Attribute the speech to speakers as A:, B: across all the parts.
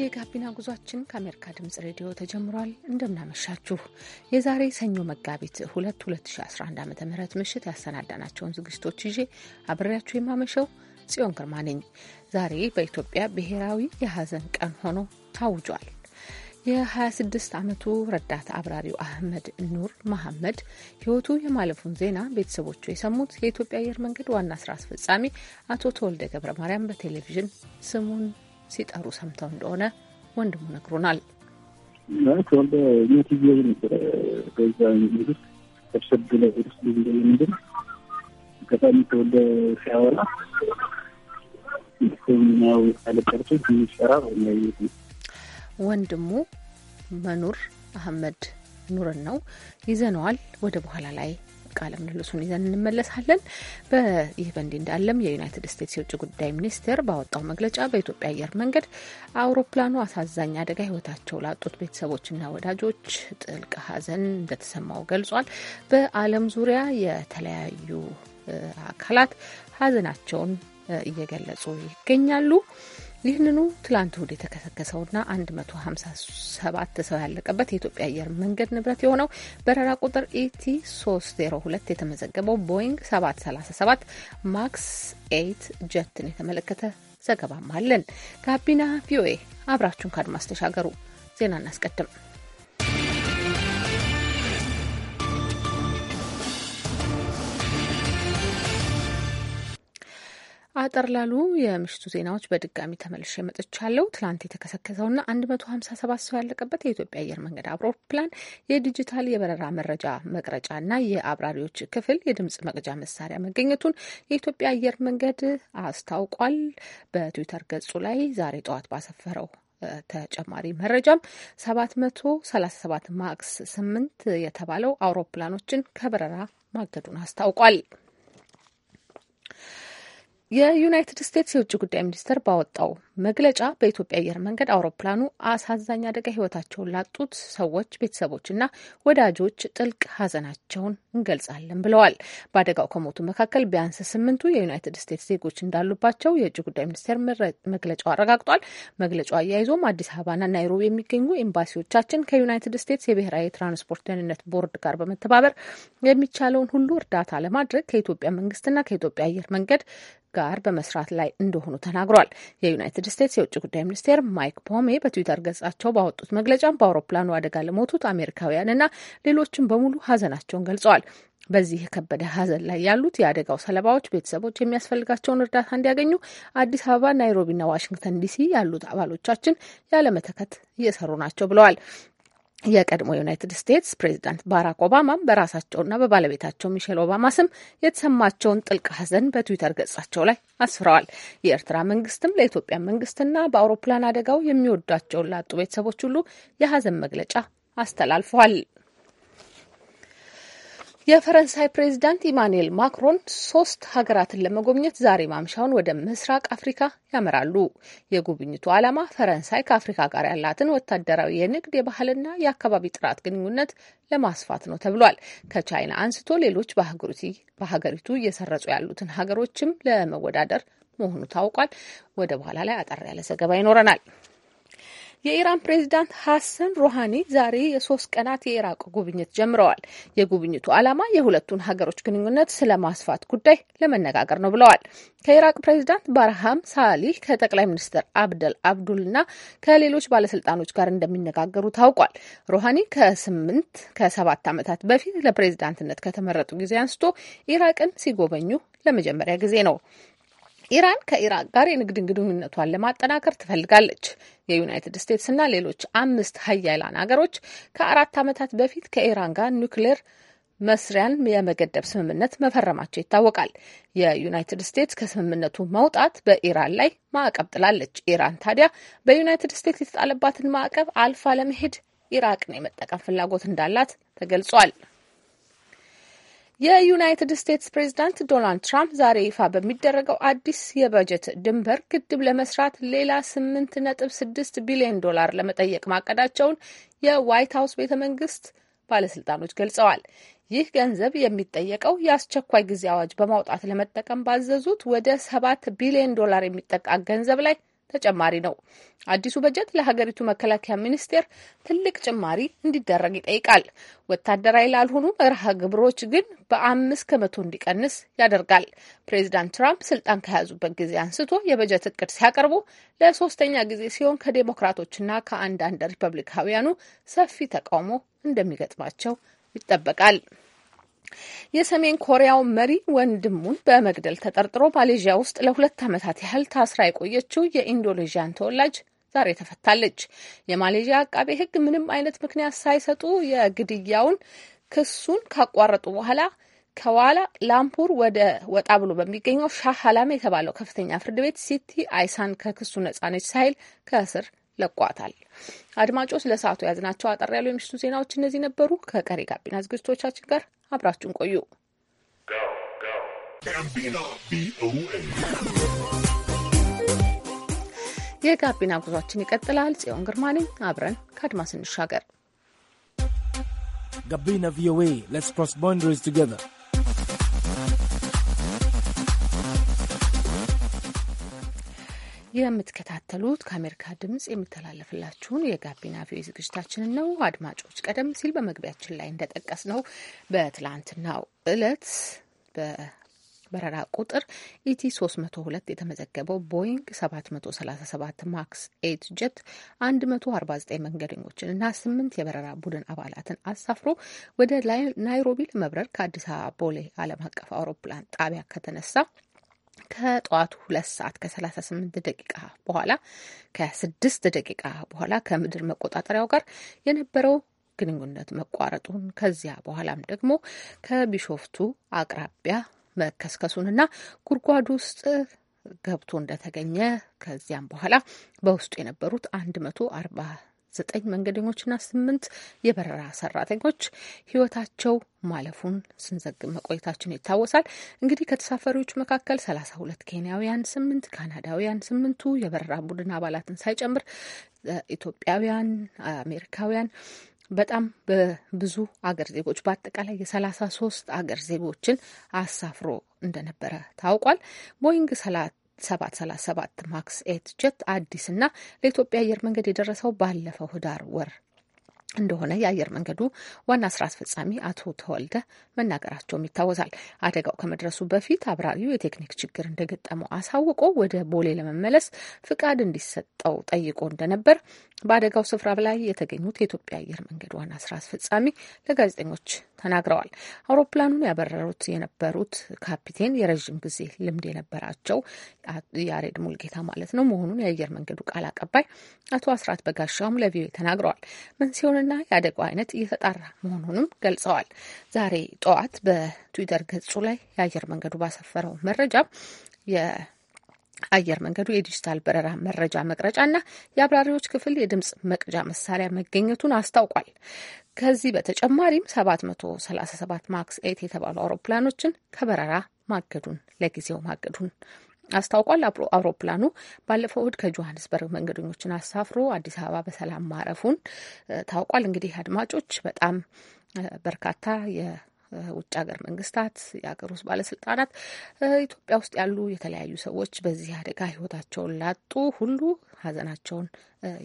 A: የጋቢና ጉዟችን ከአሜሪካ ድምጽ ሬዲዮ ተጀምሯል። እንደምናመሻችሁ የዛሬ ሰኞ መጋቢት ሁለት 2011 ዓ ም ምሽት ያሰናዳናቸውን ዝግጅቶች ይዤ አብሬያችሁ የማመሸው ጽዮን ግርማ ነኝ። ዛሬ በኢትዮጵያ ብሔራዊ የሀዘን ቀን ሆኖ ታውጇል። የ26 ዓመቱ ረዳት አብራሪው አህመድ ኑር መሐመድ ህይወቱ የማለፉን ዜና ቤተሰቦቹ የሰሙት የኢትዮጵያ አየር መንገድ ዋና ስራ አስፈጻሚ አቶ ተወልደ ገብረ ማርያም በቴሌቪዥን ስሙን ሲጠሩ ሰምተው እንደሆነ ወንድሙ ነግሮናል።
B: ተወልደ ዩቲቪ ነበረ በዛ ንግድ ተሰብለ ምንድን ተወልደ ሲያወራ ያው ሳለቀርቶ ሚሰራ ነው
A: ወንድሙ መኑር አህመድ ኑርን ነው ይዘነዋል። ወደ በኋላ ላይ ቃለ ምልልሱን ይዘን እንመለሳለን። በይህ በእንዲህ እንዳለም የዩናይትድ ስቴትስ የውጭ ጉዳይ ሚኒስቴር ባወጣው መግለጫ በኢትዮጵያ አየር መንገድ አውሮፕላኑ አሳዛኝ አደጋ ሕይወታቸው ላጡት ቤተሰቦችና ወዳጆች ጥልቅ ሐዘን እንደተሰማው ገልጿል። በዓለም ዙሪያ የተለያዩ አካላት ሐዘናቸውን እየገለጹ ይገኛሉ። ይህንኑ ትላንት እሁድ የተከሰከሰውና 157 ሰው ያለቀበት የኢትዮጵያ አየር መንገድ ንብረት የሆነው በረራ ቁጥር ኢቲ 302 የተመዘገበው ቦይንግ 737 ማክስ 8 ጀትን የተመለከተ ዘገባም አለን። ጋቢና ቪኦኤ አብራችሁን ከአድማስ ተሻገሩ። ዜና እናስቀድም። አጠር ላሉ የምሽቱ ዜናዎች በድጋሚ ተመልሼ መጥቻለሁ። ትላንት የተከሰከሰውና 157 ሰው ያለቀበት የኢትዮጵያ አየር መንገድ አውሮፕላን የዲጂታል የበረራ መረጃ መቅረጫና የአብራሪዎች ክፍል የድምጽ መቅጃ መሳሪያ መገኘቱን የኢትዮጵያ አየር መንገድ አስታውቋል። በትዊተር ገጹ ላይ ዛሬ ጠዋት ባሰፈረው ተጨማሪ መረጃም 737 ማክስ 8 የተባለው አውሮፕላኖችን ከበረራ ማገዱን አስታውቋል። የዩናይትድ ስቴትስ የውጭ ጉዳይ ሚኒስቴር ባወጣው መግለጫ በኢትዮጵያ አየር መንገድ አውሮፕላኑ አሳዛኝ አደጋ ህይወታቸውን ላጡት ሰዎች ቤተሰቦችና ወዳጆች ጥልቅ ሀዘናቸውን እንገልጻለን ብለዋል። በአደጋው ከሞቱ መካከል ቢያንስ ስምንቱ የዩናይትድ ስቴትስ ዜጎች እንዳሉባቸው የውጭ ጉዳይ ሚኒስቴር መግለጫው አረጋግጧል። መግለጫው አያይዞም አዲስ አበባና ናይሮቢ የሚገኙ ኤምባሲዎቻችን ከዩናይትድ ስቴትስ የብሔራዊ የትራንስፖርት ደህንነት ቦርድ ጋር በመተባበር የሚቻለውን ሁሉ እርዳታ ለማድረግ ከኢትዮጵያ መንግስትና ከኢትዮጵያ አየር መንገድ ጋር በመስራት ላይ እንደሆኑ ተናግሯል። የዩናይትድ የዩናይትድ ስቴትስ የውጭ ጉዳይ ሚኒስቴር ማይክ ፖሜ በትዊተር ገጻቸው ባወጡት መግለጫም በአውሮፕላኑ አደጋ ለሞቱት አሜሪካውያንና ሌሎችም በሙሉ ሀዘናቸውን ገልጸዋል። በዚህ የከበደ ሀዘን ላይ ያሉት የአደጋው ሰለባዎች ቤተሰቦች የሚያስፈልጋቸውን እርዳታ እንዲያገኙ አዲስ አበባ፣ ናይሮቢና ዋሽንግተን ዲሲ ያሉት አባሎቻችን ያለመተከት እየሰሩ ናቸው ብለዋል። የቀድሞ ዩናይትድ ስቴትስ ፕሬዚዳንት ባራክ ኦባማም በራሳቸውና በባለቤታቸው ሚሼል ኦባማ ስም የተሰማቸውን ጥልቅ ሐዘን በትዊተር ገጻቸው ላይ አስፍረዋል። የኤርትራ መንግስትም ለኢትዮጵያ መንግስትና በአውሮፕላን አደጋው የሚወዷቸውን ላጡ ቤተሰቦች ሁሉ የሐዘን መግለጫ አስተላልፈዋል። የፈረንሳይ ፕሬዚዳንት ኢማኑኤል ማክሮን ሶስት ሀገራትን ለመጎብኘት ዛሬ ማምሻውን ወደ ምስራቅ አፍሪካ ያመራሉ። የጉብኝቱ ዓላማ ፈረንሳይ ከአፍሪካ ጋር ያላትን ወታደራዊ፣ የንግድ፣ የባህልና የአካባቢ ጥራት ግንኙነት ለማስፋት ነው ተብሏል። ከቻይና አንስቶ ሌሎች በሀገሪቱ እየሰረጹ ያሉትን ሀገሮችም ለመወዳደር መሆኑ ታውቋል። ወደ በኋላ ላይ አጠር ያለ ዘገባ ይኖረናል። የኢራን ፕሬዚዳንት ሀሰን ሮሃኒ ዛሬ የሶስት ቀናት የኢራቅ ጉብኝት ጀምረዋል። የጉብኝቱ ዓላማ የሁለቱን ሀገሮች ግንኙነት ስለማስፋት ጉዳይ ለመነጋገር ነው ብለዋል። ከኢራቅ ፕሬዚዳንት ባርሃም ሳሊህ ከጠቅላይ ሚኒስትር አብደል አብዱልና ከሌሎች ባለስልጣኖች ጋር እንደሚነጋገሩ ታውቋል። ሮሃኒ ከስምንት ከሰባት ዓመታት በፊት ለፕሬዚዳንትነት ከተመረጡ ጊዜ አንስቶ ኢራቅን ሲጎበኙ ለመጀመሪያ ጊዜ ነው። ኢራን ከኢራቅ ጋር የንግድ ግንኙነቷን ለማጠናከር ትፈልጋለች። የዩናይትድ ስቴትስና ሌሎች አምስት ሀያላን ሀገሮች ከአራት ዓመታት በፊት ከኢራን ጋር ኒውክሌር መስሪያን የመገደብ ስምምነት መፈረማቸው ይታወቃል። የዩናይትድ ስቴትስ ከስምምነቱ መውጣት በኢራን ላይ ማዕቀብ ጥላለች። ኢራን ታዲያ በዩናይትድ ስቴትስ የተጣለባትን ማዕቀብ አልፋ ለመሄድ ኢራቅን የመጠቀም ፍላጎት እንዳላት ተገልጿል። የዩናይትድ ስቴትስ ፕሬዝዳንት ዶናልድ ትራምፕ ዛሬ ይፋ በሚደረገው አዲስ የበጀት ድንበር ግድብ ለመስራት ሌላ ስምንት ነጥብ ስድስት ቢሊዮን ዶላር ለመጠየቅ ማቀዳቸውን የዋይት ሀውስ ቤተ መንግስት ባለስልጣኖች ገልጸዋል። ይህ ገንዘብ የሚጠየቀው የአስቸኳይ ጊዜ አዋጅ በማውጣት ለመጠቀም ባዘዙት ወደ ሰባት ቢሊዮን ዶላር የሚጠቃ ገንዘብ ላይ ተጨማሪ ነው። አዲሱ በጀት ለሀገሪቱ መከላከያ ሚኒስቴር ትልቅ ጭማሪ እንዲደረግ ይጠይቃል። ወታደራዊ ላልሆኑ መርሃ ግብሮች ግን በአምስት ከመቶ እንዲቀንስ ያደርጋል። ፕሬዚዳንት ትራምፕ ስልጣን ከያዙበት ጊዜ አንስቶ የበጀት እቅድ ሲያቀርቡ ለሶስተኛ ጊዜ ሲሆን ከዴሞክራቶችና ከአንዳንድ ሪፐብሊካውያኑ ሰፊ ተቃውሞ እንደሚገጥማቸው ይጠበቃል። የሰሜን ኮሪያው መሪ ወንድሙን በመግደል ተጠርጥሮ ማሌዥያ ውስጥ ለሁለት ዓመታት ያህል ታስራ የቆየችው የኢንዶኔዥያን ተወላጅ ዛሬ ተፈታለች። የማሌዥያ አቃቤ ሕግ ምንም አይነት ምክንያት ሳይሰጡ የግድያውን ክሱን ካቋረጡ በኋላ ከዋላ ላምፑር ወደ ወጣ ብሎ በሚገኘው ሻህ አላም የተባለው ከፍተኛ ፍርድ ቤት ሲቲ አይሳን ከክሱ ነጻ ነች ሳይል ከእስር ለቋታል። አድማጮች ለሰዓቱ የያዝናቸው አጠር ያሉ የምሽቱ ዜናዎች እነዚህ ነበሩ። ከቀሪ ጋቢና ዝግጅቶቻችን ጋር አብራችሁን ቆዩ። የጋቢና ጉዟችን ይቀጥላል። ጽዮን ግርማ ነኝ። አብረን ከአድማስ እንሻገር።
C: ጋቢና ቪኦኤ ሌትስ ክሮስ ባውንደሪስ ቱጌዘር
A: የምትከታተሉት ከአሜሪካ ድምጽ የሚተላለፍላችሁን የጋቢና ቪኦኤ ዝግጅታችንን ነው። አድማጮች፣ ቀደም ሲል በመግቢያችን ላይ እንደጠቀስ ነው በትላንትናው እለት በበረራ ቁጥር ኢቲ 302 የተመዘገበው ቦይንግ 737 ማክስ ኤት ጀት 149 መንገደኞችን እና 8 የበረራ ቡድን አባላትን አሳፍሮ ወደ ናይሮቢ ለመብረር ከአዲስ አበባ ቦሌ ዓለም አቀፍ አውሮፕላን ጣቢያ ከተነሳ ከጠዋቱ ሁለት ሰዓት ከሰላሳ ስምንት ደቂቃ በኋላ ከስድስት ደቂቃ በኋላ ከምድር መቆጣጠሪያው ጋር የነበረው ግንኙነት መቋረጡን ከዚያ በኋላም ደግሞ ከቢሾፍቱ አቅራቢያ መከስከሱንና ጉድጓድ ውስጥ ገብቶ እንደተገኘ ከዚያም በኋላ በውስጡ የነበሩት አንድ መቶ አርባ ዘጠኝ መንገደኞችና ስምንት የበረራ ሰራተኞች ህይወታቸው ማለፉን ስንዘግብ መቆየታችን ይታወሳል። እንግዲህ ከተሳፈሪዎች መካከል ሰላሳ ሁለት ኬንያውያን፣ ስምንት ካናዳውያን፣ ስምንቱ የበረራ ቡድን አባላትን ሳይጨምር ኢትዮጵያውያን፣ አሜሪካውያን በጣም በብዙ አገር ዜጎች በአጠቃላይ የሰላሳ ሶስት አገር ዜጎችን አሳፍሮ እንደነበረ ታውቋል። ቦይንግ ሰላት 737 ማክስ ኤት ጀት አዲስና ለኢትዮጵያ አየር መንገድ የደረሰው ባለፈው ህዳር ወር እንደሆነ የአየር መንገዱ ዋና ስራ አስፈጻሚ አቶ ተወልደ መናገራቸውም ይታወሳል። አደጋው ከመድረሱ በፊት አብራሪው የቴክኒክ ችግር እንደገጠመው አሳውቆ ወደ ቦሌ ለመመለስ ፍቃድ እንዲሰጠው ጠይቆ እንደነበር በአደጋው ስፍራ ላይ የተገኙት የኢትዮጵያ አየር መንገድ ዋና ስራ አስፈጻሚ ለጋዜጠኞች ተናግረዋል። አውሮፕላኑን ያበረሩት የነበሩት ካፒቴን የረዥም ጊዜ ልምድ የነበራቸው ያሬድ ሙልጌታ ማለት ነው መሆኑን የአየር መንገዱ ቃል አቀባይ አቶ አስራት በጋሻውም ለቪኦኤ ተናግረዋል። መንስኤውንና የአደጋው አይነት እየተጣራ መሆኑንም ገልጸዋል። ዛሬ ጠዋት በትዊተር ገጹ ላይ የአየር መንገዱ ባሰፈረው መረጃ አየር መንገዱ የዲጂታል በረራ መረጃ መቅረጫና የአብራሪዎች ክፍል የድምፅ መቅጃ መሳሪያ መገኘቱን አስታውቋል። ከዚህ በተጨማሪም 737 ማክስ ኤት የተባሉ አውሮፕላኖችን ከበረራ ማገዱን ለጊዜው ማገዱን አስታውቋል። አውሮፕላኑ ባለፈው እሁድ ከጆሀንስበርግ መንገደኞችን አሳፍሮ አዲስ አበባ በሰላም ማረፉን ታውቋል። እንግዲህ አድማጮች በጣም በርካታ ውጭ ሀገር መንግስታት፣ የሀገር ውስጥ ባለስልጣናት ኢትዮጵያ ውስጥ ያሉ የተለያዩ ሰዎች በዚህ አደጋ ህይወታቸውን ላጡ ሁሉ ሀዘናቸውን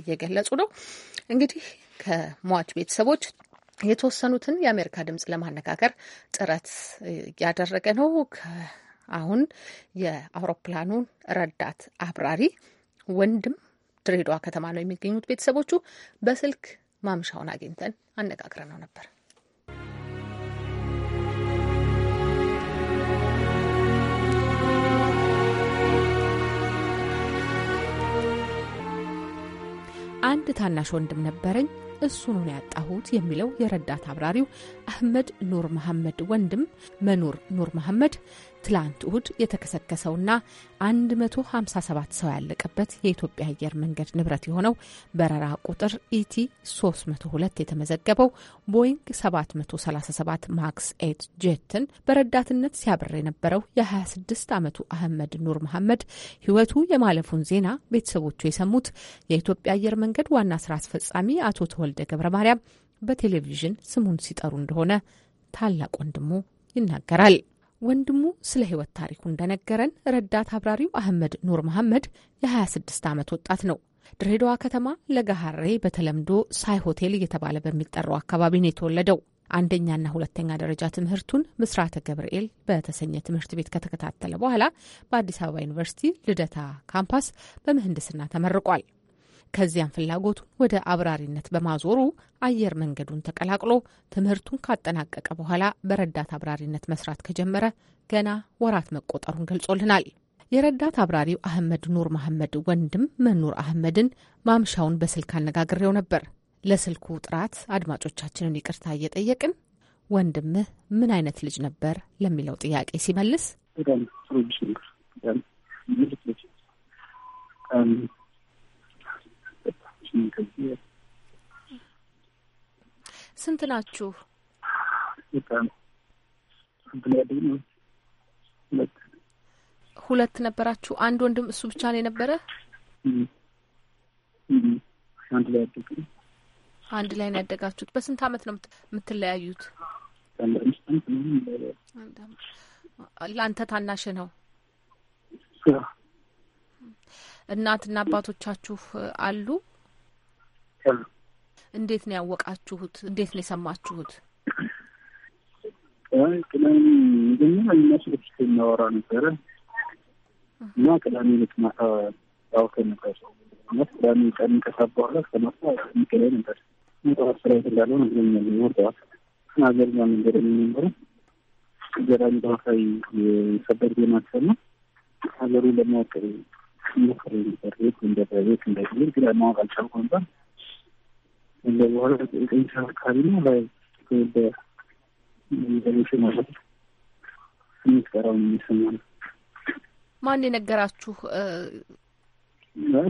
A: እየገለጹ ነው። እንግዲህ ከሟች ቤተሰቦች የተወሰኑትን የአሜሪካ ድምጽ ለማነጋገር ጥረት እያደረገ ነው። አሁን የአውሮፕላኑን ረዳት አብራሪ ወንድም ድሬዳዋ ከተማ ነው የሚገኙት ቤተሰቦቹ በስልክ ማምሻውን አግኝተን አነጋግረነው ነበር። አንድ ታናሽ ወንድም ነበረኝ። እሱኑ ነው ያጣሁት የሚለው የረዳት አብራሪው አህመድ ኑር መሐመድ ወንድም መኑር ኑር መሐመድ ትላንት እሁድ የተከሰከሰውና 157 ሰው ያለቀበት የኢትዮጵያ አየር መንገድ ንብረት የሆነው በረራ ቁጥር ኢቲ 302 የተመዘገበው ቦይንግ 737 ማክስ ኤት ጄትን በረዳትነት ሲያብር የነበረው የ26 ዓመቱ አህመድ ኑር መሐመድ ሕይወቱ የማለፉን ዜና ቤተሰቦቹ የሰሙት የኢትዮጵያ አየር መንገድ ዋና ስራ አስፈጻሚ አቶ ተወልደ ወልደ ገብረ ማርያም በቴሌቪዥን ስሙን ሲጠሩ እንደሆነ ታላቅ ወንድሙ ይናገራል። ወንድሙ ስለ ሕይወት ታሪኩ እንደነገረን ረዳት አብራሪው አህመድ ኑር መሐመድ የ26 ዓመት ወጣት ነው። ድሬዳዋ ከተማ ለጋሃሬ በተለምዶ ሳይ ሆቴል እየተባለ በሚጠራው አካባቢ ነው የተወለደው። አንደኛና ሁለተኛ ደረጃ ትምህርቱን ምስራተ ገብርኤል በተሰኘ ትምህርት ቤት ከተከታተለ በኋላ በአዲስ አበባ ዩኒቨርሲቲ ልደታ ካምፓስ በምህንድስና ተመርቋል። ከዚያም ፍላጎቱን ወደ አብራሪነት በማዞሩ አየር መንገዱን ተቀላቅሎ ትምህርቱን ካጠናቀቀ በኋላ በረዳት አብራሪነት መስራት ከጀመረ ገና ወራት መቆጠሩን ገልጾልናል። የረዳት አብራሪው አህመድ ኑር መሐመድ ወንድም መኑር አህመድን ማምሻውን በስልክ አነጋግሬው ነበር። ለስልኩ ጥራት አድማጮቻችንን ይቅርታ እየጠየቅን ወንድምህ ምን አይነት ልጅ ነበር ለሚለው ጥያቄ ሲመልስ ስንት ናችሁ? ሁለት ነበራችሁ? አንድ ወንድም እሱ ብቻ ነው የነበረ?
B: አንድ ላይ ያደግነው
A: አንድ ላይ ነው ያደጋችሁት። በስንት አመት ነው የምትለያዩት? ለአንተ ታናሽ ነው። እናትና አባቶቻችሁ
B: አሉ? መካከል ነው።
A: እንዴት ነው ያወቃችሁት? እንዴት ነው
B: የሰማችሁት? ቅዳሜ መጀመሪያ የሚመስሎች እናወራ ነበረ እና ቅዳሜ ልክ ማታ አውከን ነበር እና ቅዳሜ ቀን ከሳት በኋላ ከማታ የሚገላይ ነበር ጠዋት ስራ የት እንዳለው ነግሮኛል። ወር ጠዋት ሀገርኛ መንገድ የሚነበረ ገራሚ ጠዋት የሰበር ዜማ ሰማ ሀገሩ ለማወቅ ሞክሬ ነበር ቤት እንደቤት እንደግል ግን ማወቅ አልቻልኩም ነበር እንደ በኋላ ነው ላይ የሚሰማ ነው።
A: ማን የነገራችሁ?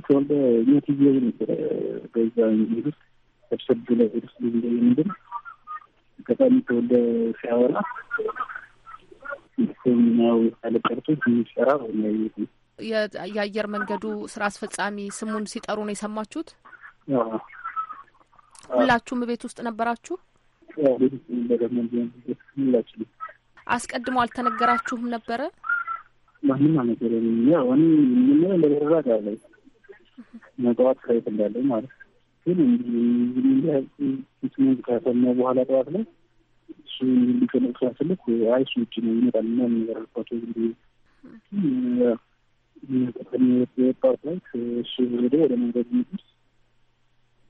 B: ተወልደ ሞቲቪ ነበረ በዛ ሰብሰብ ላይ ስ ጊዜ ምንድን ተወልደ ሲያወራ ሰሚናው ያለቀርቶ የሚሰራ
A: የአየር መንገዱ ስራ አስፈጻሚ ስሙን ሲጠሩ ነው የሰማችሁት? ሁላችሁም ቤት ውስጥ ነበራችሁ? አስቀድሞ አልተነገራችሁም ነበረ?
B: ማንም አልነገረኝም። ያው እኔ የምንለው እንደተደረገ አለ ጠዋት ከቤት እንዳለ ማለት ግን እንዲህ ከሰማ በኋላ ጠዋት ላይ እሱ ሊቀመጥ ስልክ አይ ውጭ ነው ይመጣል እና የሚገርባቸው ጊዜ ፓርት ላይ እሱ ወደ ወደ መንገድ ሚስ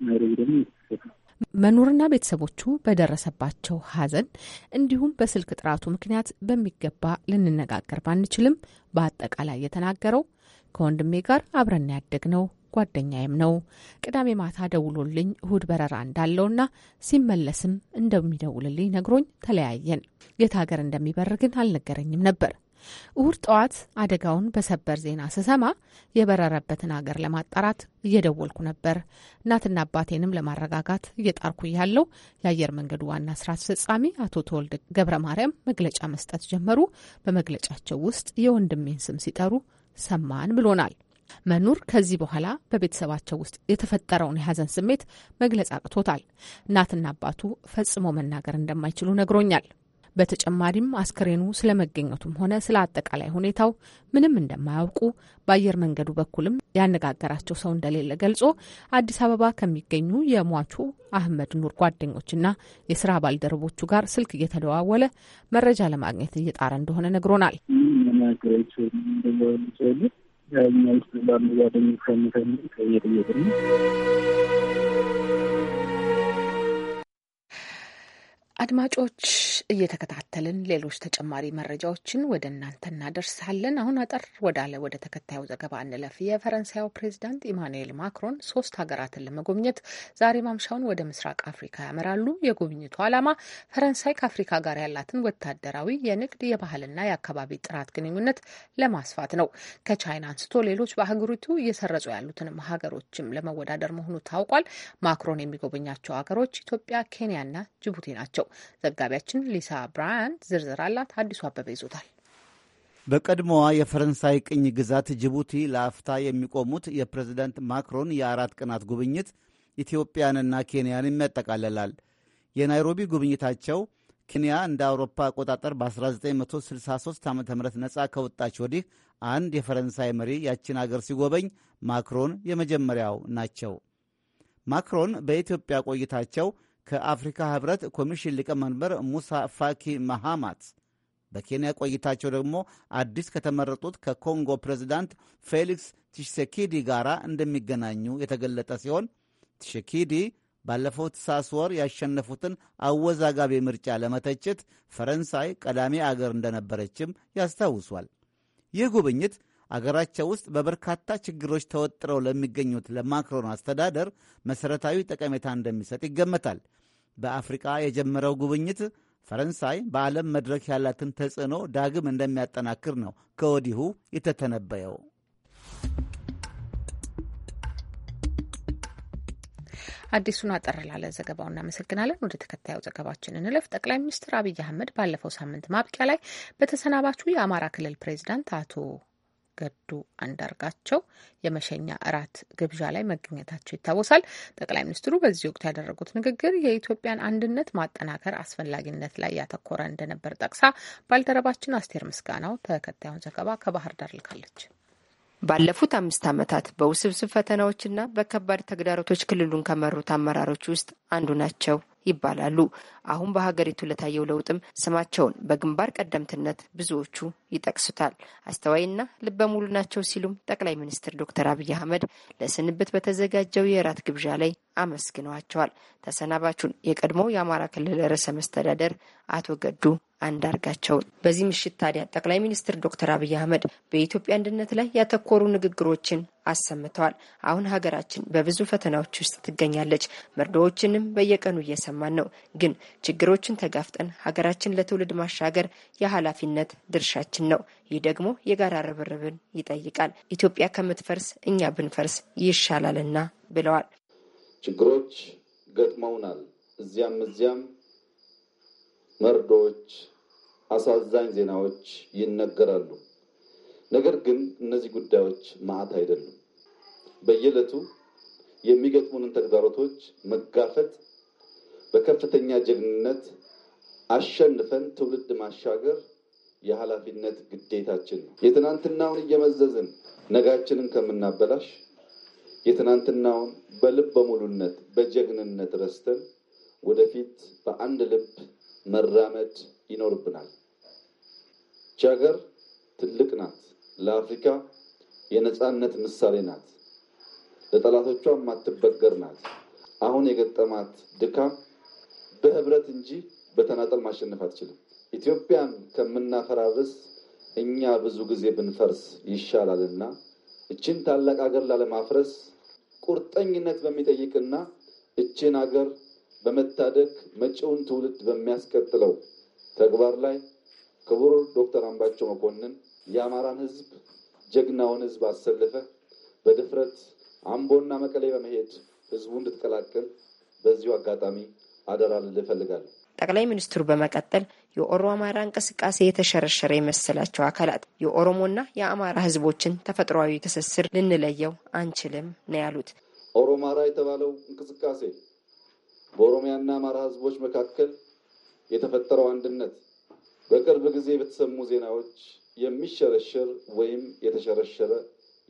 B: ናይሮቢ ደግሞ
A: መኖርና ቤተሰቦቹ በደረሰባቸው ሀዘን እንዲሁም በስልክ ጥራቱ ምክንያት በሚገባ ልንነጋገር ባንችልም በአጠቃላይ የተናገረው ከወንድሜ ጋር አብረን ያደግ ነው ጓደኛዬም ነው። ቅዳሜ ማታ ደውሎልኝ እሁድ በረራ እንዳለውና ሲመለስም እንደሚደውልልኝ ነግሮኝ ተለያየን። የት ሀገር እንደሚበር ግን አልነገረኝም ነበር። እሁድ ጠዋት አደጋውን በሰበር ዜና ስሰማ የበረረበትን አገር ለማጣራት እየደወልኩ ነበር። እናትና አባቴንም ለማረጋጋት እየጣርኩ ያለው የአየር መንገዱ ዋና ስራ አስፈጻሚ አቶ ተወልደ ገብረ ማርያም መግለጫ መስጠት ጀመሩ። በመግለጫቸው ውስጥ የወንድሜን ስም ሲጠሩ ሰማን ብሎናል። መኑር ከዚህ በኋላ በቤተሰባቸው ውስጥ የተፈጠረውን የሀዘን ስሜት መግለጽ አቅቶታል። እናትና አባቱ ፈጽሞ መናገር እንደማይችሉ ነግሮኛል። በተጨማሪም አስክሬኑ ስለመገኘቱም ሆነ ስለ አጠቃላይ ሁኔታው ምንም እንደማያውቁ በአየር መንገዱ በኩልም ያነጋገራቸው ሰው እንደሌለ ገልጾ አዲስ አበባ ከሚገኙ የሟቹ አህመድ ኑር ጓደኞችና የስራ ባልደረቦቹ ጋር ስልክ እየተደዋወለ መረጃ ለማግኘት እየጣረ እንደሆነ ነግሮናል። አድማጮች እየተከታተልን ሌሎች ተጨማሪ መረጃዎችን ወደ እናንተ እናደርሳለን። አሁን አጠር ወዳለ ወደ ተከታዩ ዘገባ እንለፍ። የፈረንሳያው ፕሬዚዳንት ኢማኑኤል ማክሮን ሶስት ሀገራትን ለመጎብኘት ዛሬ ማምሻውን ወደ ምስራቅ አፍሪካ ያመራሉ። የጉብኝቱ ዓላማ ፈረንሳይ ከአፍሪካ ጋር ያላትን ወታደራዊ፣ የንግድ፣ የባህልና የአካባቢ ጥራት ግንኙነት ለማስፋት ነው። ከቻይና አንስቶ ሌሎች በሀገሪቱ እየሰረጹ ያሉትንም ሀገሮችም ለመወዳደር መሆኑ ታውቋል። ማክሮን የሚጎበኛቸው ሀገሮች ኢትዮጵያ፣ ኬንያና ጅቡቲ ናቸው። ዘጋቢያችን ሊሳ ብራያን ዝርዝር አላት። አዲሱ አበበ ይዞታል።
D: በቀድሞዋ የፈረንሳይ ቅኝ ግዛት ጅቡቲ ለአፍታ የሚቆሙት የፕሬዝደንት ማክሮን የአራት ቀናት ጉብኝት ኢትዮጵያንና ኬንያን ያጠቃልላል። የናይሮቢ ጉብኝታቸው ኬንያ እንደ አውሮፓ አቆጣጠር በ1963 ዓ ም ነጻ ከወጣች ወዲህ አንድ የፈረንሳይ መሪ ያችን አገር ሲጎበኝ ማክሮን የመጀመሪያው ናቸው። ማክሮን በኢትዮጵያ ቆይታቸው ከአፍሪካ ህብረት ኮሚሽን ሊቀመንበር ሙሳ ፋኪ መሃማት በኬንያ ቆይታቸው ደግሞ አዲስ ከተመረጡት ከኮንጎ ፕሬዚዳንት ፌሊክስ ቲሸኪዲ ጋር እንደሚገናኙ የተገለጠ ሲሆን ቲሸኪዲ ባለፈው ትሳስ ወር ያሸነፉትን አወዛጋቢ ምርጫ ለመተቸት ፈረንሳይ ቀዳሚ አገር እንደነበረችም ያስታውሷል። ይህ ጉብኝት አገራቸው ውስጥ በበርካታ ችግሮች ተወጥረው ለሚገኙት ለማክሮን አስተዳደር መሠረታዊ ጠቀሜታ እንደሚሰጥ ይገመታል። በአፍሪቃ የጀመረው ጉብኝት ፈረንሳይ በዓለም መድረክ ያላትን ተጽዕኖ ዳግም እንደሚያጠናክር ነው ከወዲሁ የተተነበየው።
A: አዲሱን አጠር ላለ ዘገባው እናመሰግናለን። ወደ ተከታዩ ዘገባችን እንለፍ። ጠቅላይ ሚኒስትር አብይ አህመድ ባለፈው ሳምንት ማብቂያ ላይ በተሰናባቹ የአማራ ክልል ፕሬዚዳንት አቶ ገዱ አንዳርጋቸው የመሸኛ እራት ግብዣ ላይ መገኘታቸው ይታወሳል። ጠቅላይ ሚኒስትሩ በዚህ ወቅት ያደረጉት ንግግር የኢትዮጵያን አንድነት ማጠናከር አስፈላጊነት ላይ ያተኮረ እንደነበር ጠቅሳ ባልደረባችን አስቴር ምስጋናው ተከታዩን
E: ዘገባ ከባህር ዳር ልካለች። ባለፉት አምስት ዓመታት በውስብስብ ፈተናዎችና በከባድ ተግዳሮቶች ክልሉን ከመሩት አመራሮች ውስጥ አንዱ ናቸው ይባላሉ። አሁን በሀገሪቱ ለታየው ለውጥም ስማቸውን በግንባር ቀደምትነት ብዙዎቹ ይጠቅሱታል። አስተዋይና ልበ ሙሉ ናቸው ሲሉም ጠቅላይ ሚኒስትር ዶክተር አብይ አህመድ ለስንብት በተዘጋጀው የእራት ግብዣ ላይ አመስግነዋቸዋል። ተሰናባቹን የቀድሞ የአማራ ክልል ርዕሰ መስተዳደር አቶ ገዱ አንዳርጋቸውን። በዚህ ምሽት ታዲያ ጠቅላይ ሚኒስትር ዶክተር አብይ አህመድ በኢትዮጵያ አንድነት ላይ ያተኮሩ ንግግሮችን አሰምተዋል። አሁን ሀገራችን በብዙ ፈተናዎች ውስጥ ትገኛለች። መርዶዎችንም በየቀኑ እየሰማን ነው። ግን ችግሮችን ተጋፍጠን ሀገራችን ለትውልድ ማሻገር የኃላፊነት ድርሻችን ነው። ይህ ደግሞ የጋራ ርብርብን ይጠይቃል። ኢትዮጵያ ከምትፈርስ እኛ ብንፈርስ ይሻላልና ብለዋል።
F: ችግሮች ገጥመውናል። እዚያም እዚያም መርዶዎች፣ አሳዛኝ ዜናዎች ይነገራሉ። ነገር ግን እነዚህ ጉዳዮች ማዕት አይደሉም። በየዕለቱ የሚገጥሙንን ተግዳሮቶች መጋፈጥ በከፍተኛ ጀግንነት አሸንፈን ትውልድ ማሻገር የኃላፊነት ግዴታችን ነው። የትናንትናውን እየመዘዝን ነጋችንን ከምናበላሽ የትናንትናውን በልበ ሙሉነት በጀግንነት ረስተን ወደፊት በአንድ ልብ መራመድ ይኖርብናል። ይቺ ሀገር ትልቅ ናት። ለአፍሪካ የነፃነት ምሳሌ ናት። ለጠላቶቿ የማትበገር ናት። አሁን የገጠማት ድካም በህብረት እንጂ በተናጠል ማሸነፍ አትችልም። ኢትዮጵያን ከምናፈራርስ እኛ ብዙ ጊዜ ብንፈርስ ይሻላልና እችን ታላቅ ሀገር ላለማፍረስ ቁርጠኝነት በሚጠይቅና እችን ሀገር በመታደግ መጪውን ትውልድ በሚያስቀጥለው ተግባር ላይ ክቡር ዶክተር አምባቸው መኮንን የአማራን ህዝብ ጀግናውን ህዝብ አሰልፈ በድፍረት አምቦና መቀሌ በመሄድ ህዝቡ እንድትቀላቀል በዚሁ አጋጣሚ አደራ ልል
E: ጠቅላይ ሚኒስትሩ በመቀጠል የኦሮ አማራ እንቅስቃሴ የተሸረሸረ የመሰላቸው አካላት የኦሮሞና የአማራ ህዝቦችን ተፈጥሯዊ ትስስር ልንለየው አንችልም
F: ነው ያሉት። ኦሮማራ የተባለው እንቅስቃሴ በኦሮሚያና አማራ ህዝቦች መካከል የተፈጠረው አንድነት በቅርብ ጊዜ በተሰሙ ዜናዎች የሚሸረሸር ወይም የተሸረሸረ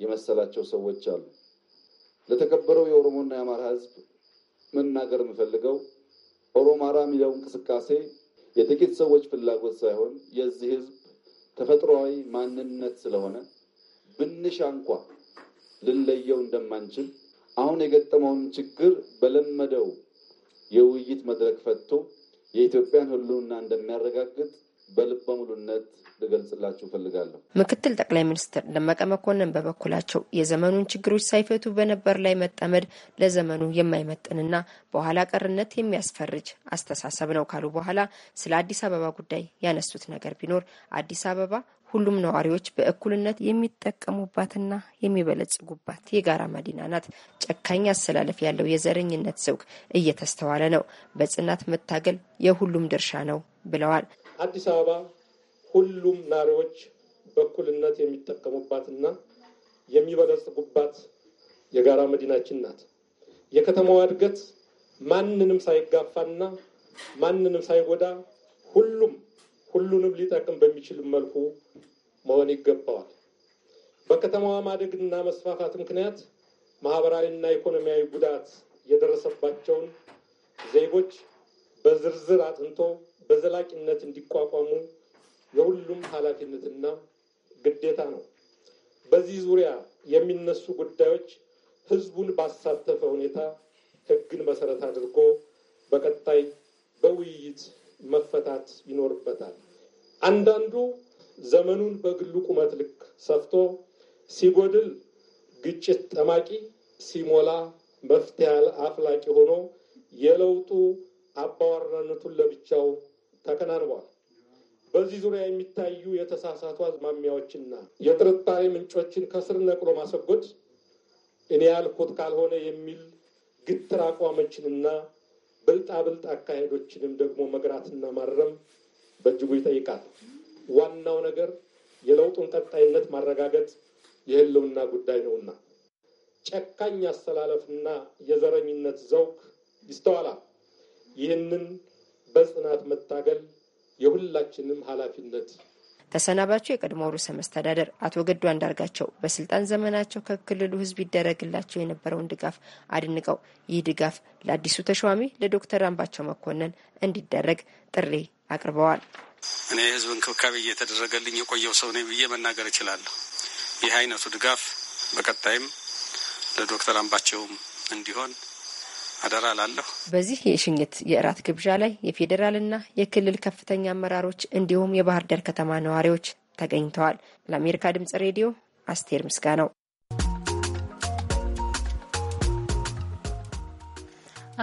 F: የመሰላቸው ሰዎች አሉ። ለተከበረው የኦሮሞና የአማራ ህዝብ መናገር የምፈልገው ኦሮማራ የሚለው እንቅስቃሴ የጥቂት ሰዎች ፍላጎት ሳይሆን የዚህ ህዝብ ተፈጥሯዊ ማንነት ስለሆነ ብንሻ እንኳ ልንለየው እንደማንችል አሁን የገጠመውን ችግር በለመደው የውይይት መድረክ ፈቶ የኢትዮጵያን ህልውና እንደሚያረጋግጥ በልበ ሙሉነት ልገልጽላችሁ ፈልጋለሁ።
E: ምክትል ጠቅላይ ሚኒስትር ደመቀ መኮንን በበኩላቸው የዘመኑን ችግሮች ሳይፈቱ በነበር ላይ መጠመድ ለዘመኑ የማይመጥንና በኋላ ቀርነት የሚያስፈርጅ አስተሳሰብ ነው ካሉ በኋላ ስለ አዲስ አበባ ጉዳይ ያነሱት ነገር ቢኖር አዲስ አበባ ሁሉም ነዋሪዎች በእኩልነት የሚጠቀሙባትና የሚበለጽጉባት የጋራ መዲና ናት። ጨካኝ አሰላለፍ ያለው የዘረኝነት ዘውግ እየተስተዋለ ነው። በጽናት መታገል የሁሉም ድርሻ ነው ብለዋል።
C: አዲስ አበባ ሁሉም ናሪዎች በእኩልነት የሚጠቀሙባትና የሚበለጽጉባት የጋራ መዲናችን ናት። የከተማዋ እድገት ማንንም ሳይጋፋና ማንንም ሳይጎዳ ሁሉም ሁሉንም ሊጠቅም በሚችል መልኩ መሆን ይገባዋል። በከተማዋ ማደግና መስፋፋት ምክንያት ማህበራዊና ኢኮኖሚያዊ ጉዳት የደረሰባቸውን ዜጎች በዝርዝር አጥንቶ በዘላቂነት እንዲቋቋሙ የሁሉም ኃላፊነትና ግዴታ ነው። በዚህ ዙሪያ የሚነሱ ጉዳዮች ህዝቡን ባሳተፈ ሁኔታ ህግን መሰረት አድርጎ በቀጣይ በውይይት መፈታት ይኖርበታል። አንዳንዱ ዘመኑን በግሉ ቁመት ልክ ሰፍቶ ሲጎድል ግጭት ጠማቂ፣ ሲሞላ መፍትሄ አፍላቂ ሆኖ የለውጡ አባዋራነቱን ለብቻው ተከናንቧል። በዚህ ዙሪያ የሚታዩ የተሳሳቱ አዝማሚያዎችና የጥርጣሬ ምንጮችን ከስር ነቅሎ ማሰጎድ እኔ ያልኩት ካልሆነ የሚል ግትር አቋሞችንና ብልጣብልጥ አካሄዶችንም ደግሞ መግራትና ማረም በእጅጉ ይጠይቃል። ዋናው ነገር የለውጡን ቀጣይነት ማረጋገጥ የህልውና ጉዳይ ነውና ጨካኝ አስተላለፍና የዘረኝነት ዘውግ ይስተዋላል። ይህንን በጽናት መታገል የሁላችንም ኃላፊነት
E: ተሰናባቹ የቀድሞ ርዕሰ መስተዳደር አቶ ገዱ አንዳርጋቸው በስልጣን ዘመናቸው ከክልሉ ሕዝብ ይደረግላቸው የነበረውን ድጋፍ አድንቀው ይህ ድጋፍ ለአዲሱ ተሿሚ ለዶክተር አምባቸው መኮንን እንዲደረግ ጥሪ አቅርበዋል።
C: እኔ የሕዝብ እንክብካቤ እየተደረገልኝ የቆየው ሰው ነኝ ብዬ መናገር እችላለሁ። ይህ አይነቱ ድጋፍ በቀጣይም ለዶክተር አምባቸውም እንዲሆን አደራ ላለሁ።
E: በዚህ የሽኝት የእራት ግብዣ ላይ የፌዴራልና የክልል ከፍተኛ አመራሮች እንዲሁም የባህር ዳር ከተማ ነዋሪዎች ተገኝተዋል። ለአሜሪካ ድምጽ ሬዲዮ አስቴር ነው።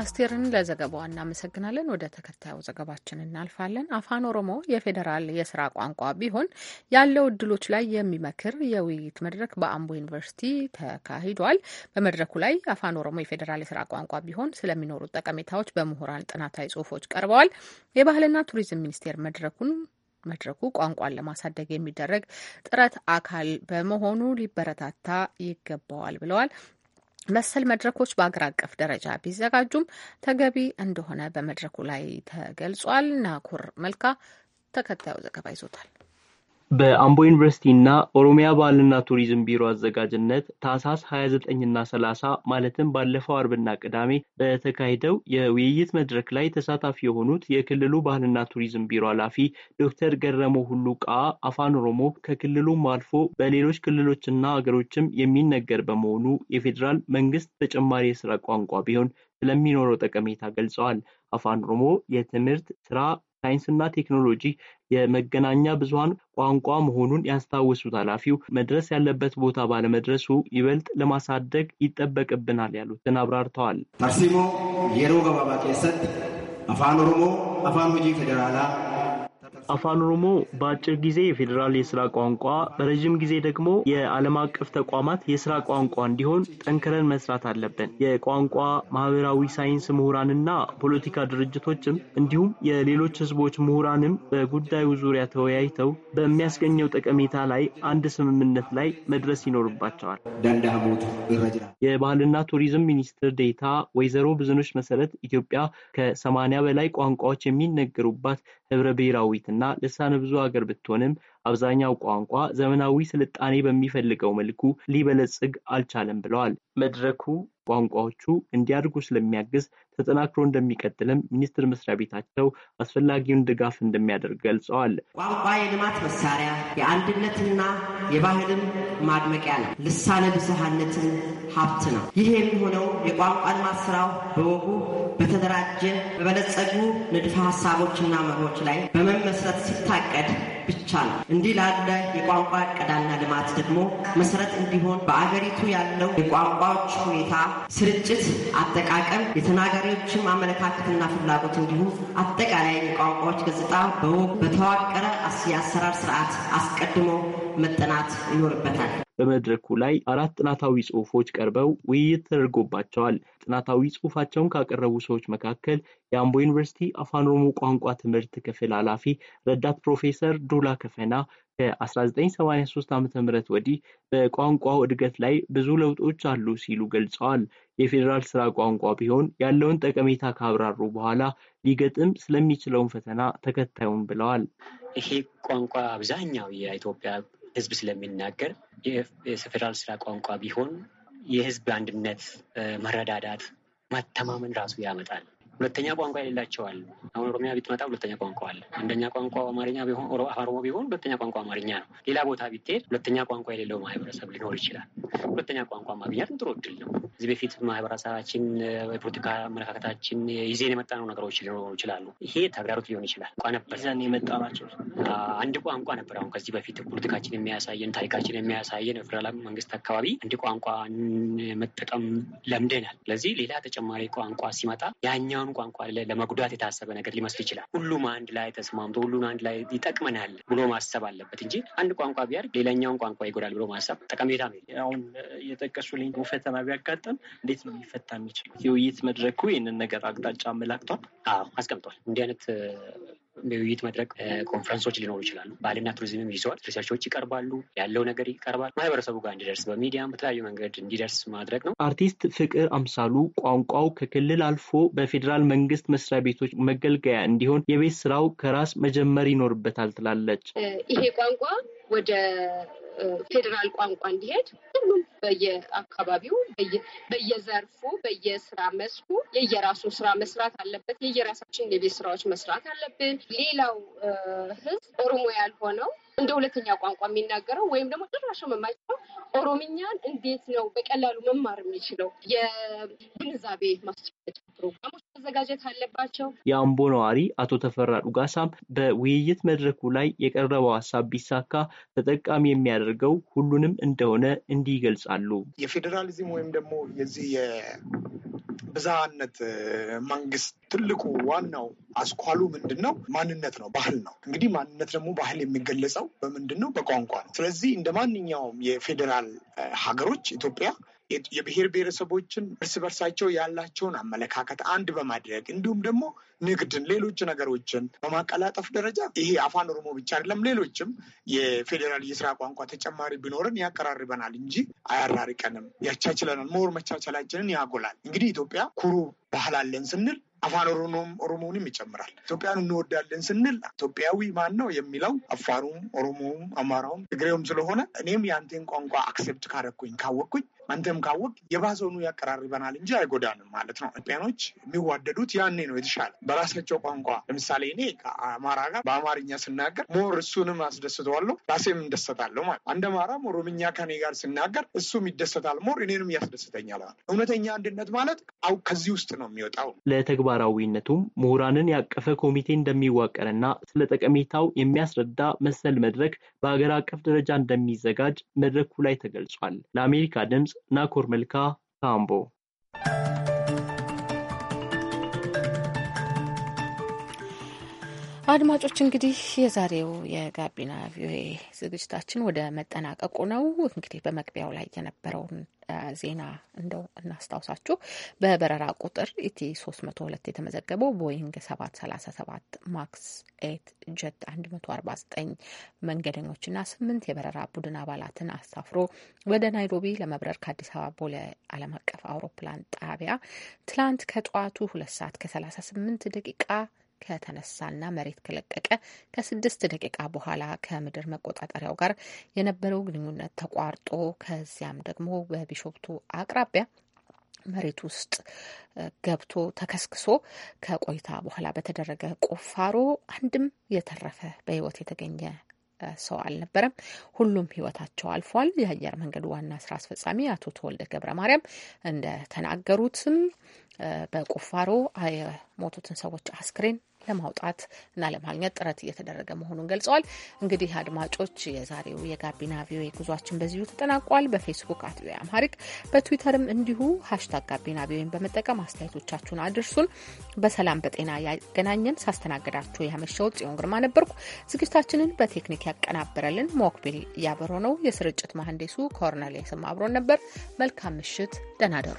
A: አስቴርን ለዘገባዋ እናመሰግናለን። ወደ ተከታዩ ዘገባችን እናልፋለን። አፋን ኦሮሞ የፌዴራል የስራ ቋንቋ ቢሆን ያለው እድሎች ላይ የሚመክር የውይይት መድረክ በአምቦ ዩኒቨርሲቲ ተካሂዷል። በመድረኩ ላይ አፋን ኦሮሞ የፌዴራል የስራ ቋንቋ ቢሆን ስለሚኖሩ ጠቀሜታዎች በምሁራን ጥናታዊ ጽሁፎች ቀርበዋል። የባህልና ቱሪዝም ሚኒስቴር መድረኩን መድረኩ ቋንቋን ለማሳደግ የሚደረግ ጥረት አካል በመሆኑ ሊበረታታ ይገባዋል ብለዋል። መሰል መድረኮች በአገር አቀፍ ደረጃ ቢዘጋጁም ተገቢ እንደሆነ በመድረኩ ላይ ተገልጿል። ናኩር መልካ ተከታዩ ዘገባ ይዞታል።
G: በአምቦ ዩኒቨርሲቲ እና ኦሮሚያ ባህልና ቱሪዝም ቢሮ አዘጋጅነት ታህሳስ 29ና 30 ማለትም ባለፈው አርብና ቅዳሜ በተካሄደው የውይይት መድረክ ላይ ተሳታፊ የሆኑት የክልሉ ባህልና ቱሪዝም ቢሮ ኃላፊ ዶክተር ገረሞ ቃ አፋን ኦሮሞ ከክልሉም አልፎ በሌሎች ክልሎችና ሀገሮችም የሚነገር በመሆኑ የፌዴራል መንግስት ተጨማሪ የስራ ቋንቋ ቢሆን ስለሚኖረው ጠቀሜታ ገልጸዋል። አፋን ኦሮሞ የትምህርት ስራ፣ ሳይንስና ቴክኖሎጂ የመገናኛ ብዙሀን ቋንቋ መሆኑን ያስታወሱት ኃላፊው መድረስ ያለበት ቦታ ባለመድረሱ ይበልጥ ለማሳደግ ይጠበቅብናል ያሉትን አብራርተዋል።
D: አርሲሞ የሮ ገባባ አፋን ኦሮሞ አፋን
G: ሆጂ ፌዴራላ አፋን ኦሮሞ በአጭር ጊዜ የፌዴራል የስራ ቋንቋ በረዥም ጊዜ ደግሞ የዓለም አቀፍ ተቋማት የስራ ቋንቋ እንዲሆን ጠንክረን መስራት አለብን። የቋንቋ ማህበራዊ ሳይንስ ምሁራንና ፖለቲካ ድርጅቶችም እንዲሁም የሌሎች ህዝቦች ምሁራንም በጉዳዩ ዙሪያ ተወያይተው በሚያስገኘው ጠቀሜታ ላይ አንድ ስምምነት ላይ መድረስ ይኖርባቸዋል። የባህልና ቱሪዝም ሚኒስትር ዴታ ወይዘሮ ብዙኖች መሰረት ኢትዮጵያ ከሰማንያ በላይ ቋንቋዎች የሚነገሩባት ህብረ ብሔራዊት እና ልሳነ ብዙ ሀገር ብትሆንም አብዛኛው ቋንቋ ዘመናዊ ስልጣኔ በሚፈልገው መልኩ ሊበለጽግ አልቻለም ብለዋል። መድረኩ ቋንቋዎቹ እንዲያድጉ ስለሚያግዝ ተጠናክሮ እንደሚቀጥልም ሚኒስቴር መስሪያ ቤታቸው አስፈላጊውን ድጋፍ እንደሚያደርግ ገልጸዋል።
E: ቋንቋ የልማት መሳሪያ፣ የአንድነትና የባህልም ማድመቂያ ነው። ልሳነ ብዝሃነትን ሀብት ነው። ይህ የሚሆነው የቋንቋ ልማት ስራው በወጉ በተደራጀ በበለጸጉ ንድፈ ሀሳቦችና መርሆች ላይ በመመስረት ሲታቀድ ብቻ ነው። እንዲህ ላለ የቋንቋ ቀዳና ልማት ደግሞ መሰረት እንዲሆን በአገሪቱ ያለው የቋንቋዎች ሁኔታ፣ ስርጭት፣ አጠቃቀም፣ የተናጋሪዎችም አመለካከትና ፍላጎት እንዲሁ አጠቃላይ የቋንቋዎች ገጽታ በወግ በተዋቀረ የአሰራር ስርዓት አስቀድሞ መጠናት ይኖርበታል።
G: በመድረኩ ላይ አራት ጥናታዊ ጽሁፎች ቀርበው ውይይት ተደርጎባቸዋል። ጥናታዊ ጽሁፋቸውን ካቀረቡ ሰዎች መካከል የአምቦ ዩኒቨርሲቲ አፋን ኦሮሞ ቋንቋ ትምህርት ክፍል ኃላፊ ረዳት ፕሮፌሰር ዱላ ከፈና ከ1983 ዓ ም ወዲህ በቋንቋው እድገት ላይ ብዙ ለውጦች አሉ ሲሉ ገልጸዋል። የፌዴራል ስራ ቋንቋ ቢሆን ያለውን ጠቀሜታ ካብራሩ በኋላ ሊገጥም ስለሚችለውን ፈተና ተከታዩም ብለዋል።
H: ይሄ ቋንቋ አብዛኛው የኢትዮጵያ ህዝብ ስለሚናገር የፌዴራል ስራ ቋንቋ ቢሆን የህዝብ አንድነት፣ መረዳዳት፣ ማተማመን ራሱ ያመጣል። ሁለተኛ ቋንቋ የሌላቸው አሉ። አሁን ኦሮሚያ ብትመጣ ሁለተኛ ቋንቋ አለ። አንደኛ ቋንቋ አማርኛ ቢሆን ኦሮሞ ቢሆን ሁለተኛ ቋንቋ አማርኛ ነው። ሌላ ቦታ ብትሄድ ሁለተኛ ቋንቋ የሌለው ማህበረሰብ ሊኖር ይችላል። ሁለተኛ ቋንቋ ማግኘት ጥሩ እድል ነው። እዚህ በፊት ማህበረሰባችን የፖለቲካ አመለካከታችን ይዜን የመጣነው ነገሮች ሊኖሩ ይችላሉ። ይሄ ተግዳሮት ሊሆን ይችላል። ቋንቋ ነበር ይዘን የመጣ ናቸው። አንድ ቋንቋ ነበር። አሁን ከዚህ በፊት ፖለቲካችን የሚያሳየን ታሪካችን የሚያሳየን የፌደራል መንግስት አካባቢ አንድ ቋንቋ መጠቀም ለምደናል። ስለዚህ ሌላ ተጨማሪ ቋንቋ ሲመጣ ያኛውን በአንዱን ቋንቋ ለመጉዳት የታሰበ ነገር ሊመስል ይችላል። ሁሉም አንድ ላይ ተስማምቶ ሁሉን አንድ ላይ ይጠቅመናል ብሎ ማሰብ አለበት እንጂ አንድ ቋንቋ ቢያድግ ሌላኛውን ቋንቋ ይጎዳል ብሎ ማሰብ ጠቀሜታ አሁን የጠቀሱልኝ ፈተና ቢያጋጥም እንዴት ነው ሊፈታ የሚችል? የውይይት መድረኩ ይህንን ነገር አቅጣጫ አመላክቷል፣ አስቀምጧል። እንዲህ አይነት እንደ ውይይት መድረክ ኮንፈረንሶች ሊኖሩ ይችላሉ። ባህልና ቱሪዝምም ይዘዋል። ሪሰርቾች ይቀርባሉ፣ ያለው ነገር ይቀርባል። ማህበረሰቡ ጋር እንዲደርስ በሚዲያም በተለያዩ መንገድ እንዲደርስ ማድረግ ነው።
G: አርቲስት ፍቅር አምሳሉ ቋንቋው ከክልል አልፎ በፌዴራል መንግስት መስሪያ ቤቶች መገልገያ እንዲሆን የቤት ስራው ከራስ መጀመር ይኖርበታል ትላለች።
A: ይሄ ቋንቋ ወደ
E: ፌዴራል ቋንቋ እንዲሄድ በየአካባቢው በየዘርፉ በየስራ መስኩ የየራሱ ስራ መስራት አለበት። የየራሳችን የቤት ስራዎች መስራት አለብን።
A: ሌላው ህዝብ ኦሮሞ ያልሆነው እንደ ሁለተኛ ቋንቋ የሚናገረው ወይም ደግሞ ጭራሽ የማይችለው ኦሮምኛን እንዴት ነው በቀላሉ መማር የሚችለው? የግንዛቤ ማስጨበጫ ፕሮግራሞች መዘጋጀት አለባቸው።
G: የአምቦ ነዋሪ አቶ ተፈራ ዱጋሳም በውይይት መድረኩ ላይ የቀረበው ሀሳብ ቢሳካ ተጠቃሚ የሚያደርገው ሁሉንም እንደሆነ እንዲህ ይገልጻል። ይገልጻሉ።
I: የፌዴራሊዝም ወይም ደግሞ የዚህ የብዝሃነት መንግስት ትልቁ ዋናው አስኳሉ ምንድን ነው? ማንነት ነው፣ ባህል ነው። እንግዲህ ማንነት ደግሞ ባህል የሚገለጸው በምንድን ነው? በቋንቋ ነው። ስለዚህ እንደ ማንኛውም የፌዴራል ሀገሮች ኢትዮጵያ የብሔር ብሔረሰቦችን እርስ በርሳቸው ያላቸውን አመለካከት አንድ በማድረግ እንዲሁም ደግሞ ንግድን፣ ሌሎች ነገሮችን በማቀላጠፍ ደረጃ ይሄ አፋን ኦሮሞ ብቻ አይደለም፣ ሌሎችም የፌዴራል የስራ ቋንቋ ተጨማሪ ቢኖርን ያቀራርበናል እንጂ አያራርቀንም፣ ያቻችለናል። መር መቻቻላችንን ያጎላል። እንግዲህ ኢትዮጵያ ኩሩ ባህል አለን ስንል አፋን ኦሮሞም ኦሮሞውንም ይጨምራል። ኢትዮጵያን እንወዳለን ስንል ኢትዮጵያዊ ማን ነው የሚለው አፋሩም፣ ኦሮሞውም፣ አማራውም ትግሬውም ስለሆነ እኔም የአንቴን ቋንቋ አክሴፕት ካደረግኩኝ ካወቅኩኝ አንተም ካወቅ የባሰኑ ያቀራርበናል እንጂ አይጎዳንም ማለት ነው። ኢትዮጵያኖች የሚዋደዱት ያኔ ነው የተሻለ በራሳቸው ቋንቋ። ለምሳሌ እኔ ከአማራ ጋር በአማርኛ ስናገር ሞር እሱንም አስደስተዋለሁ፣ ራሴም እንደሰታለሁ ማለት አንድ አማራም ኦሮምኛ ከኔ ጋር ስናገር እሱም ይደሰታል ሞር እኔንም ያስደስተኛል። እውነተኛ አንድነት ማለት አው ከዚህ ውስጥ ነው የሚወጣው።
G: ለተግባራዊነቱም ምሁራንን ያቀፈ ኮሚቴ እንደሚዋቀርና ስለ ጠቀሜታው የሚያስረዳ መሰል መድረክ በሀገር አቀፍ ደረጃ እንደሚዘጋጅ መድረኩ ላይ ተገልጿል። ለአሜሪካ ድምፅ نا ملکا تامبو
A: አድማጮች እንግዲህ የዛሬው የጋቢና ቪኦኤ ዝግጅታችን ወደ መጠናቀቁ ነው። እንግዲህ በመግቢያው ላይ የነበረውን ዜና እንደው እናስታውሳችሁ። በበረራ ቁጥር ኢቲ 302 የተመዘገበው ቦይንግ 737 ማክስ ኤት ጀት 149 መንገደኞችና ስምንት የበረራ ቡድን አባላትን አሳፍሮ ወደ ናይሮቢ ለመብረር ከአዲስ አበባ ቦሌ ዓለም አቀፍ አውሮፕላን ጣቢያ ትላንት ከጠዋቱ ሁለት ሰዓት ከ38 ደቂቃ ከተነሳና መሬት ከለቀቀ ከስድስት ደቂቃ በኋላ ከምድር መቆጣጠሪያው ጋር የነበረው ግንኙነት ተቋርጦ ከዚያም ደግሞ በቢሾፍቱ አቅራቢያ መሬት ውስጥ ገብቶ ተከስክሶ ከቆይታ በኋላ በተደረገ ቁፋሮ አንድም የተረፈ በህይወት የተገኘ ሰው አልነበረም። ሁሉም ህይወታቸው አልፏል። የአየር መንገዱ ዋና ስራ አስፈጻሚ አቶ ተወልደ ገብረ ማርያም እንደተናገሩትም በቁፋሮ የሞቱትን ሰዎች አስክሬን ለማውጣት እና ለማግኘት ጥረት እየተደረገ መሆኑን ገልጸዋል። እንግዲህ አድማጮች የዛሬው የጋቢና ቪኦኤ ጉዟችን በዚሁ ተጠናቋል። በፌስቡክ አት ቪኦኤ በትዊተርም እንዲሁ ሀሽታግ ጋቢና ቪኦኤን በመጠቀም አስተያየቶቻችሁን አድርሱን። በሰላም በጤና ያገናኘን። ሳስተናግዳችሁ ያመሸሁት ጽዮን ግርማ ነበርኩ። ዝግጅታችንን በቴክኒክ ያቀናበረልን ሞክቢል ያበሮ ነው። የስርጭት መሀንዲሱ የስም አብሮን ነበር። መልካም ምሽት፣ ደህና ደሩ።